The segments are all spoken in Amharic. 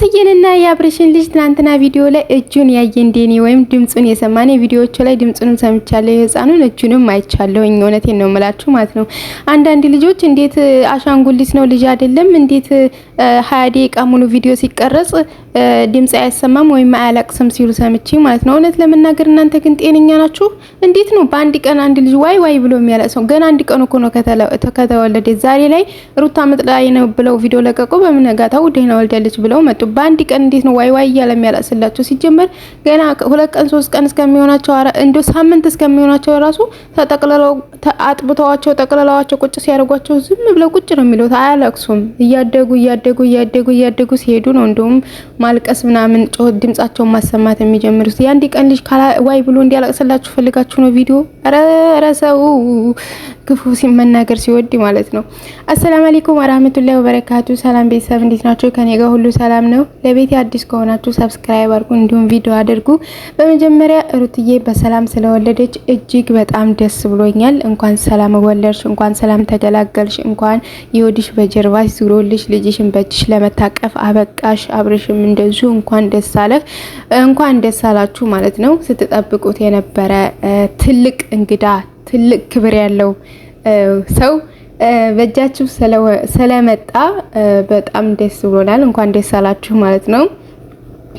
የእትዬንና የአብርሽን ልጅ ትናንትና ቪዲዮ ላይ እጁን ያየ እንደኔ ወይም ድምፁን የሰማኔ ቪዲዮዎቹ ላይ ድምፁንም ሰምቻለሁ፣ የህፃኑን እጁንም አይቻለሁ። እውነቴን ነው የምላችሁ ማለት ነው። አንዳንድ ልጆች እንዴት አሻንጉሊት ነው ልጅ አይደለም እንዴት ሀያ ደቂቃ ሙሉ ቪዲዮ ሲቀረጽ ድምፅ አይሰማም ወይም አያለቅስም ሲሉ ሰምቼ ማለት ነው። እውነት ለመናገር እናንተ ግን ጤነኛ ናችሁ? እንዴት ነው በአንድ ቀን አንድ ልጅ ዋይ ዋይ ብሎ የሚያለቅሰው? ገና አንድ ቀን እኮ ነው ከተወለደ። ዛሬ ላይ ሩታ ምጥ ላይ ነው ብለው ቪዲዮ ለቀቁ። በምነጋታው ደህና ወልዳለች ብለው መጡ። በአንድ ቀን እንዴት ነው ዋይ ዋይ እያለ የሚያለቅስላቸው? ሲጀመር ገና ሁለት ቀን ሶስት ቀን እስከሚሆናቸው እንደ ሳምንት እስከሚሆናቸው ራሱ ተጠቅልለው አጥብተዋቸው ጠቅልለዋቸው ቁጭ ሲያደርጓቸው ዝም ብለው ቁጭ ነው የሚሉት። አያለቅሱም። እያደጉ እያደጉ እያደጉ እያደጉ ሲሄዱ ነው እንደውም ማልቀስ ምናምን ጮህ ድምጻቸውን ማሰማት የሚጀምሩት የአንድ ቀን ልጅ ዋይ ብሎ እንዲያለቅስላችሁ ፈልጋችሁ ነው ቪዲዮ ረረሰው ክፉ መናገር ሲወድ ማለት ነው። አሰላም አለይኩም ወራህመቱላሂ ወበረካቱ። ሰላም ቤተሰብ እንዴት ናቸው? ከኔ ጋር ሁሉ ሰላም ነው። ለቤት አዲስ ከሆናችሁ ሰብስክራይብ አድርጉ፣ እንዲሁም ቪዲዮ አድርጉ። በመጀመሪያ ሩትዬ በሰላም ስለወለደች እጅግ በጣም ደስ ብሎኛል። እንኳን ሰላም ወለድሽ፣ እንኳን ሰላም ተገላገልሽ፣ እንኳን የወዲሽ በጀርባሽ ዙሮልሽ ልጅሽን በእጅሽ ለመታቀፍ አበቃሽ። አብረሽም እንደዙ እንኳን ደስ አለፍ፣ እንኳን ደስ አላችሁ ማለት ነው። ስትጠብቁት የነበረ ትልቅ እንግዳ ትልቅ ክብር ያለው ሰው በእጃችሁ ስለመጣ በጣም ደስ ብሎናል። እንኳን ደስ አላችሁ ማለት ነው።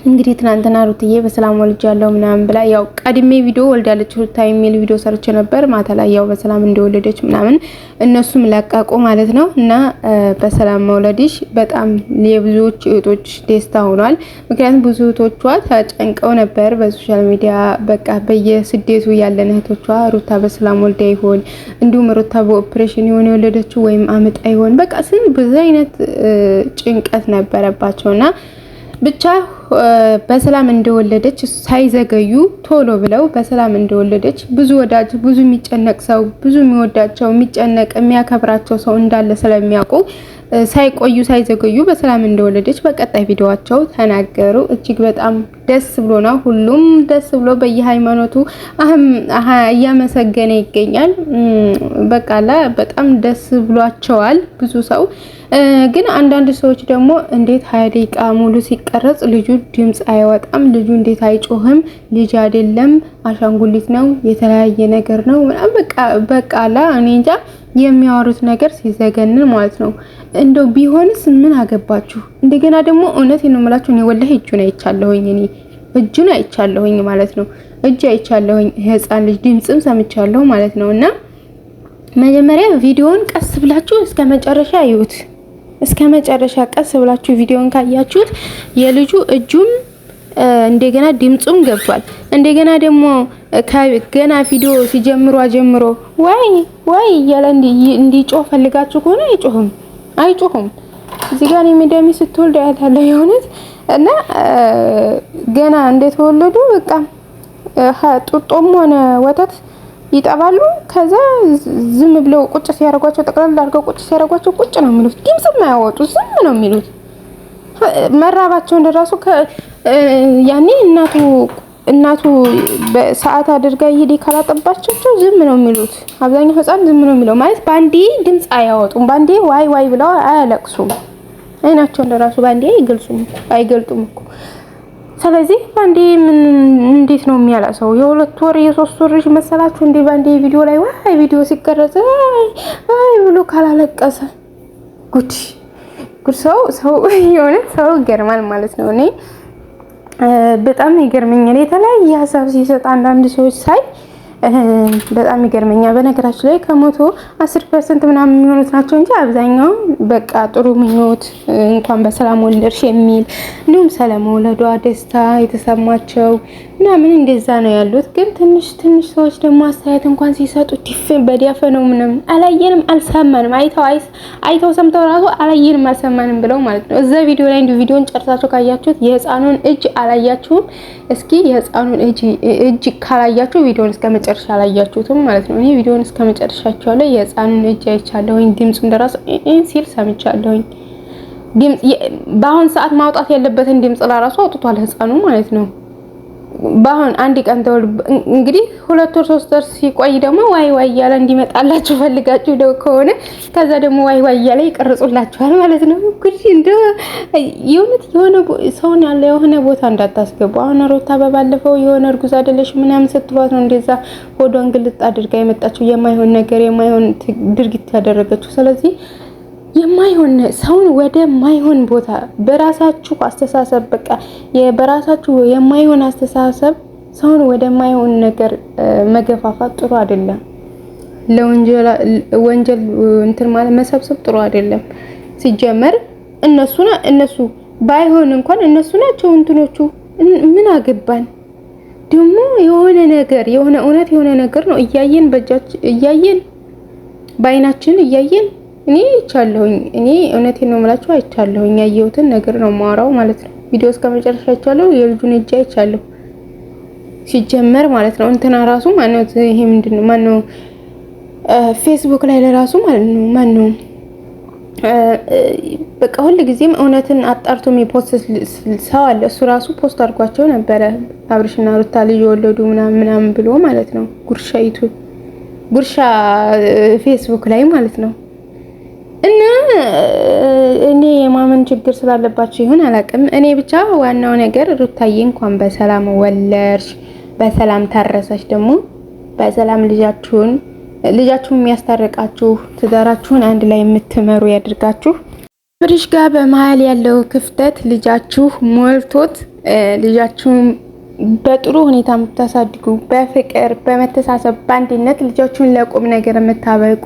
እንግዲህ ትናንትና ሩትዬ በሰላም ወልጃለሁ ምናምን ብላ ያው ቀድሜ ቪዲዮ ወልዳለች ሩታ የሚል ቪዲዮ ሰርቼ ነበር። ማታ ላይ ያው በሰላም እንደወለደች ምናምን እነሱም ለቀቁ ማለት ነው። እና በሰላም መውለድሽ በጣም የብዙዎች እህቶች ደስታ ሆኗል። ምክንያቱም ብዙ እህቶቿ ተጨንቀው ነበር በሶሻል ሚዲያ በቃ በየስደቱ ያለን እህቶቿ ሩታ በሰላም ወልዳ ይሆን እንዲሁም ሩታ በኦፕሬሽን የሆነ የወለደችው ወይም አመጣ ይሆን በቃ ስን ብዙ አይነት ጭንቀት ነበረባቸውና ብቻ በሰላም እንደወለደች ሳይዘገዩ ቶሎ ብለው በሰላም እንደወለደች ብዙ ወዳጅ ብዙ የሚጨነቅ ሰው ብዙ የሚወዳቸው የሚጨነቅ የሚያከብራቸው ሰው እንዳለ ስለሚያውቁ ሳይቆዩ ሳይዘገዩ በሰላም እንደወለደች በቀጣይ ቪዲዮዋቸው ተናገሩ። እጅግ በጣም ደስ ብሎና ሁሉም ደስ ብሎ በየሃይማኖቱ እያመሰገነ ይገኛል። በቃላ በጣም ደስ ብሏቸዋል ብዙ ሰው። ግን አንዳንድ ሰዎች ደግሞ እንዴት ሀያ ደቂቃ ሙሉ ሲቀረጽ ልጁ ልጅ ድምፅ አይወጣም፣ ልጁ እንዴት አይጮህም፣ ልጅ አይደለም አሻንጉሊት ነው፣ የተለያየ ነገር ነው ምናምን በቃ በቃላ እኔ እንጃ የሚያወሩት ነገር ሲዘገንን ማለት ነው። እንደው ቢሆንስ ምን አገባችሁ? እንደገና ደግሞ እውነት ነው የምላችሁ እኔ ወላሂ እጁን አይቻለሁኝ እኔ እጁን አይቻለሁኝ ማለት ነው። እጅ አይቻለሁኝ ህፃን ልጅ ድምፅም ሰምቻለሁ ማለት ነው። እና መጀመሪያ ቪዲዮውን ቀስ ብላችሁ እስከ መጨረሻ ይዩት። እስከ መጨረሻ ቀስ ብላችሁ ቪዲዮን ካያችሁት የልጁ እጁም እንደገና ድምጹም ገብቷል። እንደገና ደግሞ ገና ቪዲዮ ሲጀምሩ አጀምሮ ወይ ወይ እያለ እንዲጮህ ፈልጋችሁ ከሆነ አይጮህም አይጮህም። እዚህ ጋር የሚደሚ ስትወልድ ያታለ የሆነት እና ገና እንደተወለዱ በቃ ጡጦም ሆነ ወተት ይጠባሉ። ከዛ ዝም ብለው ቁጭ ሲያደርጓቸው ጠቅላላ አድርገው ቁጭ ሲያደርጓቸው ቁጭ ነው የሚሉት። ድምፅም አያወጡ ዝም ነው የሚሉት። መራባቸውን ራሱ ያኔ እናቱ እናቱ በሰዓት አድርጋ ይሄድ ካላጠባቸው ዝም ነው የሚሉት። አብዛኛው ህፃን ዝም ነው የሚለው ማለት ባንዴ ድምፅ አያወጡም። ባንዴ ዋይ ዋይ ብለው አያለቅሱም። አይናቸውን ራሱ ባንዴ አይገልጹም አይገልጡም እኮ ስለዚህ ባንዴ ምን እንዴት ነው የሚያለቅሰው? የሁለት ወር የሶስት ወር ልጅ መሰላችሁ እንዴ? ባንዴ ቪዲዮ ላይ ወይ ቪዲዮ ሲቀረጽ አይ ብሎ ካላለቀሰ ጉድ ጉድ! ሰው ሰው የሆነ ሰው ይገርማል ማለት ነው። እኔ በጣም ይገርመኛል የተለያየ ሀሳብ ሲሰጥ አንዳንድ ሰዎች ሳይ በጣም ይገርመኛል። በነገራችን ላይ ከመቶ አስር ፐርሰንት ምናምን የሚሆኑት ናቸው እንጂ አብዛኛው በቃ ጥሩ ምኞት እንኳን በሰላም ወለድሽ የሚል እንዲሁም ስለመውለዷ ደስታ የተሰማቸው ምናምን እንደዛ ነው ያሉት። ግን ትንሽ ትንሽ ሰዎች ደግሞ አስተያየት እንኳን ሲሰጡ ዲፍን በዲያፈ ነው ምንም አላየንም አልሰማንም፣ አይተው ሰምተው ራሱ አላየንም አልሰማንም ብለው ማለት ነው። እዛ ቪዲዮ ላይ እንዲሁ ቪዲዮን ጨርሳቸው ካያችሁት የህፃኑን እጅ አላያችሁም። እስኪ የህፃኑን እጅ ካላያችሁ ቪዲዮን እስከመጨ መጨረሻ ያያችሁትም ማለት ነው። እኔ ቪዲዮውን እስከ መጨረሻቸው ላይ የህፃኑን እጅ አይቻለሁኝ። ድምፁ እንደራሱ ሲል ሰምቻለሁኝ። ድምፅ በአሁን ሰዓት ማውጣት ያለበትን ድምፅ ለራሱ አውጥቷል ህፃኑ ማለት ነው። በአሁን አንድ ቀን ተወል እንግዲህ ሁለት ወር ሶስት ወር ሲቆይ ደግሞ ዋይ ዋይ እያለ እንዲመጣላችሁ ፈልጋችሁ ደው ከሆነ ከዛ ደግሞ ዋይ ዋይ እያለ ይቀርጹላችኋል ማለት ነው። ጉድ እንደ የእውነት የሆነ ሰውን ያለ የሆነ ቦታ እንዳታስገቡ። አሁን ሮታ በባለፈው የሆነ እርጉዝ አይደለሽ ምናምን ስትሏት ነው እንደዛ ሆዷን ግልጥ አድርጋ የመጣችው የማይሆን ነገር የማይሆን ድርጊት ያደረገችው። ስለዚህ የማይሆን ሰውን ወደ ማይሆን ቦታ በራሳችሁ አስተሳሰብ በቃ በራሳችሁ የማይሆን አስተሳሰብ ሰውን ወደ ማይሆን ነገር መገፋፋት ጥሩ አይደለም። ለወንጀል ወንጀል እንትን ማለት መሰብሰብ ጥሩ አይደለም። ሲጀመር እነሱና እነሱ ባይሆን እንኳን እነሱ ናቸው እንትኖቹ። ምን አገባን ደግሞ የሆነ ነገር የሆነ እውነት የሆነ ነገር ነው እያየን በእጃችን እያየን በአይናችን እያየን እኔ አይቻለሁኝ። እኔ እውነቴን ነው የምላችሁ አይቻለሁኝ። ያየሁትን ነገር ነው የማወራው ማለት ነው። ቪዲዮ እስከ መጨረሻ አይቻለሁ። የልጁን እጅ አይቻለሁ ሲጀመር ማለት ነው። እንትና ራሱ ማነው ይሄ ምንድን ነው ማነው ፌስቡክ ላይ ለራሱ ማለት ነው ማነው በቃ ሁል ጊዜም እውነትን አጣርቶ የሚፖስት ሰው አለ። እሱ ራሱ ፖስት አድርጓቸው ነበረ አብርሽና ሩታ ልጅ የወለዱ ምናምን ምናምን ብሎ ማለት ነው። ጉርሻ ዩቱብ ጉርሻ ፌስቡክ ላይ ማለት ነው። የማመን ችግር ስላለባቸው ይሁን አላውቅም። እኔ ብቻ ዋናው ነገር ሩታዬ እንኳን በሰላም ወለድሽ፣ በሰላም ታረሰች፣ ደግሞ በሰላም ልጃችሁን ልጃችሁን የሚያስታርቃችሁ ትዳራችሁን አንድ ላይ የምትመሩ ያድርጋችሁ። ፍሪሽ ጋር በመሀል ያለው ክፍተት ልጃችሁ ሞልቶት ልጃችሁን በጥሩ ሁኔታ የምታሳድጉ በፍቅር በመተሳሰብ በአንድነት ልጆቹን ለቁም ነገር የምታበቁ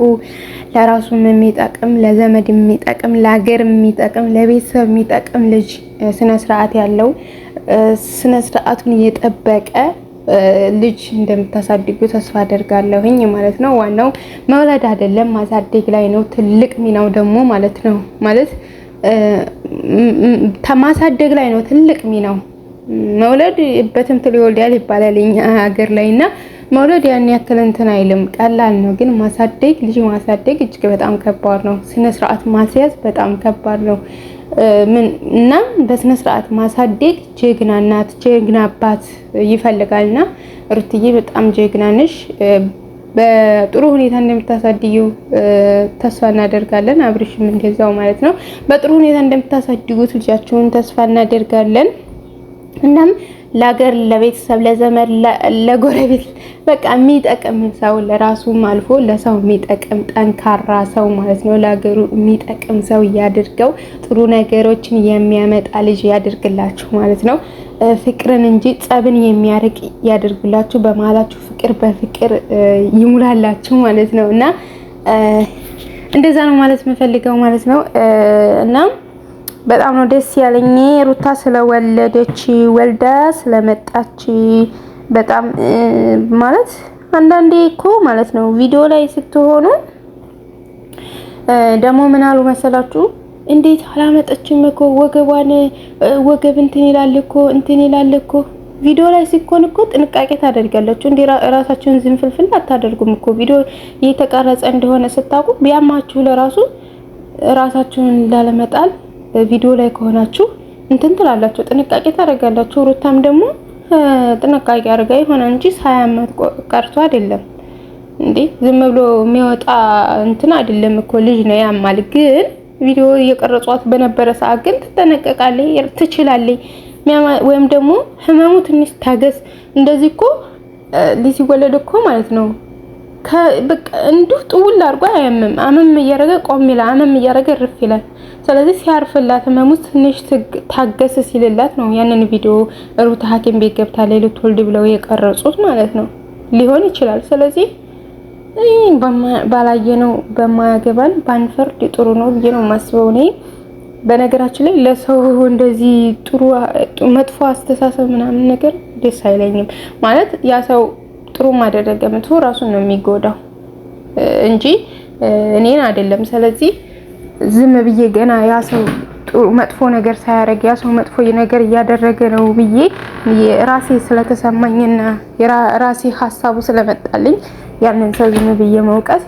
ለራሱም የሚጠቅም ለዘመድ የሚጠቅም ለሀገር የሚጠቅም ለቤተሰብ የሚጠቅም ልጅ ስነ ስርዓት ያለው ስነ ስርዓቱን የጠበቀ ልጅ እንደምታሳድጉ ተስፋ አደርጋለሁኝ ማለት ነው። ዋናው መውለድ አይደለም ማሳደግ ላይ ነው ትልቅ ሚናው ደግሞ ማለት ነው ማለት ማሳደግ ላይ ነው ትልቅ ሚናው መውለድ ሊወልድ ያል ይባላል እኛ ሀገር ላይ እና መውለድ ያን ያክል እንትን አይልም፣ ቀላል ነው። ግን ማሳደግ ልጅ ማሳደግ እጅግ በጣም ከባድ ነው። ስነ ስርዓት ማስያዝ በጣም ከባድ ነው። እና በስነ ስርዓት ማሳደግ ጀግና እናት፣ ጀግና አባት ይፈልጋልና ሩትዬ በጣም ጀግና ነሽ። በጥሩ ሁኔታ እንደምታሳድዩ ተስፋ እናደርጋለን። አብርሽም እንደዛው ማለት ነው። በጥሩ ሁኔታ እንደምታሳድጉት ልጃችሁን ተስፋ እናደርጋለን። እናም ለሀገር፣ ለቤተሰብ፣ ለዘመድ፣ ለጎረቤት በቃ የሚጠቅም ሰው ለራሱም አልፎ ለሰው የሚጠቅም ጠንካራ ሰው ማለት ነው። ለሀገሩ የሚጠቅም ሰው እያድርገው ጥሩ ነገሮችን የሚያመጣ ልጅ ያድርግላችሁ ማለት ነው። ፍቅርን እንጂ ጸብን የሚያርቅ ያድርጉላችሁ። በመሀላችሁ ፍቅር በፍቅር ይሙላላችሁ ማለት ነው እና እንደዛ ነው ማለት የምፈልገው ማለት ነው እና በጣም ነው ደስ ያለኝ ሩታ ስለወለደች ወልዳ ስለመጣች በጣም ማለት አንዳንዴ እኮ ማለት ነው ቪዲዮ ላይ ስትሆኑ ደግሞ ምን አሉ መሰላችሁ እንዴት አላመጠችም እኮ ወገቧን ወገብ እንትን ይላል እኮ እንትን ይላል እኮ ቪዲዮ ላይ ሲኮን እኮ ጥንቃቄ ታደርጋላችሁ እንዴ ራሳችሁን ዝንፍልፍል አታደርጉም እኮ ቪዲዮ እየተቀረጸ እንደሆነ ስታውቁ ቢያማችሁ ለራሱ ራሳችሁን ላለመጣል ቪዲዮ ላይ ከሆናችሁ እንትን ትላላችሁ፣ ጥንቃቄ ታደርጋላችሁ። ሩታም ደግሞ ጥንቃቄ አድርጋ ይሆናል እንጂ አመት ቀርቶ አይደለም እንዴ ዝም ብሎ የሚወጣ እንትን አይደለም እኮ ልጅ ነው ያማል። ግን ቪዲዮ እየቀረጿት በነበረ ሰዓት ግን ትጠነቀቃለች፣ ትችላለች። ወይም ደግሞ ህመሙ ትንሽ ታገስ። እንደዚህ እኮ ሊወለድ እኮ ማለት ነው እንዲሁ ጥውል አድርጎ አያምም። አመም እያደረገ ቆም ይላል፣ አመም እያደረገ እርፍ ይላል። ስለዚህ ሲያርፍላት ህመሙ ትንሽ ታገስ ሲልላት ነው ያንን ቪዲዮ ሩት ሐኪም ቤት ገብታ ላይ ልትወልድ ብለው የቀረጹት ማለት ነው ሊሆን ይችላል። ስለዚህ ባላየነው በማያገባን ባንፈርድ ጥሩ ነው ብዬ ነው የማስበው እኔ። በነገራችን ላይ ለሰው እንደዚህ ጥሩ መጥፎ አስተሳሰብ ምናምን ነገር ደስ አይለኝም ማለት ያ ሰው ጥሩ ማደረገ መጥፎ ራሱን ነው የሚጎዳው እንጂ እኔን አይደለም። ስለዚህ ዝም ብዬ ገና ያ ሰው መጥፎ ነገር ሳያደርግ ያ ሰው መጥፎ ነገር እያደረገ ነው ብዬ ራሴ ስለተሰማኝና የራሴ ሀሳቡ ስለመጣልኝ ያንን ሰው ዝም ብዬ መውቀስ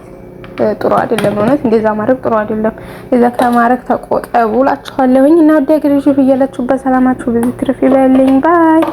ጥሩ አይደለም። እውነት እንደዛ ማድረግ ጥሩ አይደለም። እዛ ከማድረግ ተቆጠቡ እላችኋለሁኝ እና ወዲያ ግርዥ ብያላችሁ በሰላማችሁ ብዙ ትርፍ ይበልኝ ባይ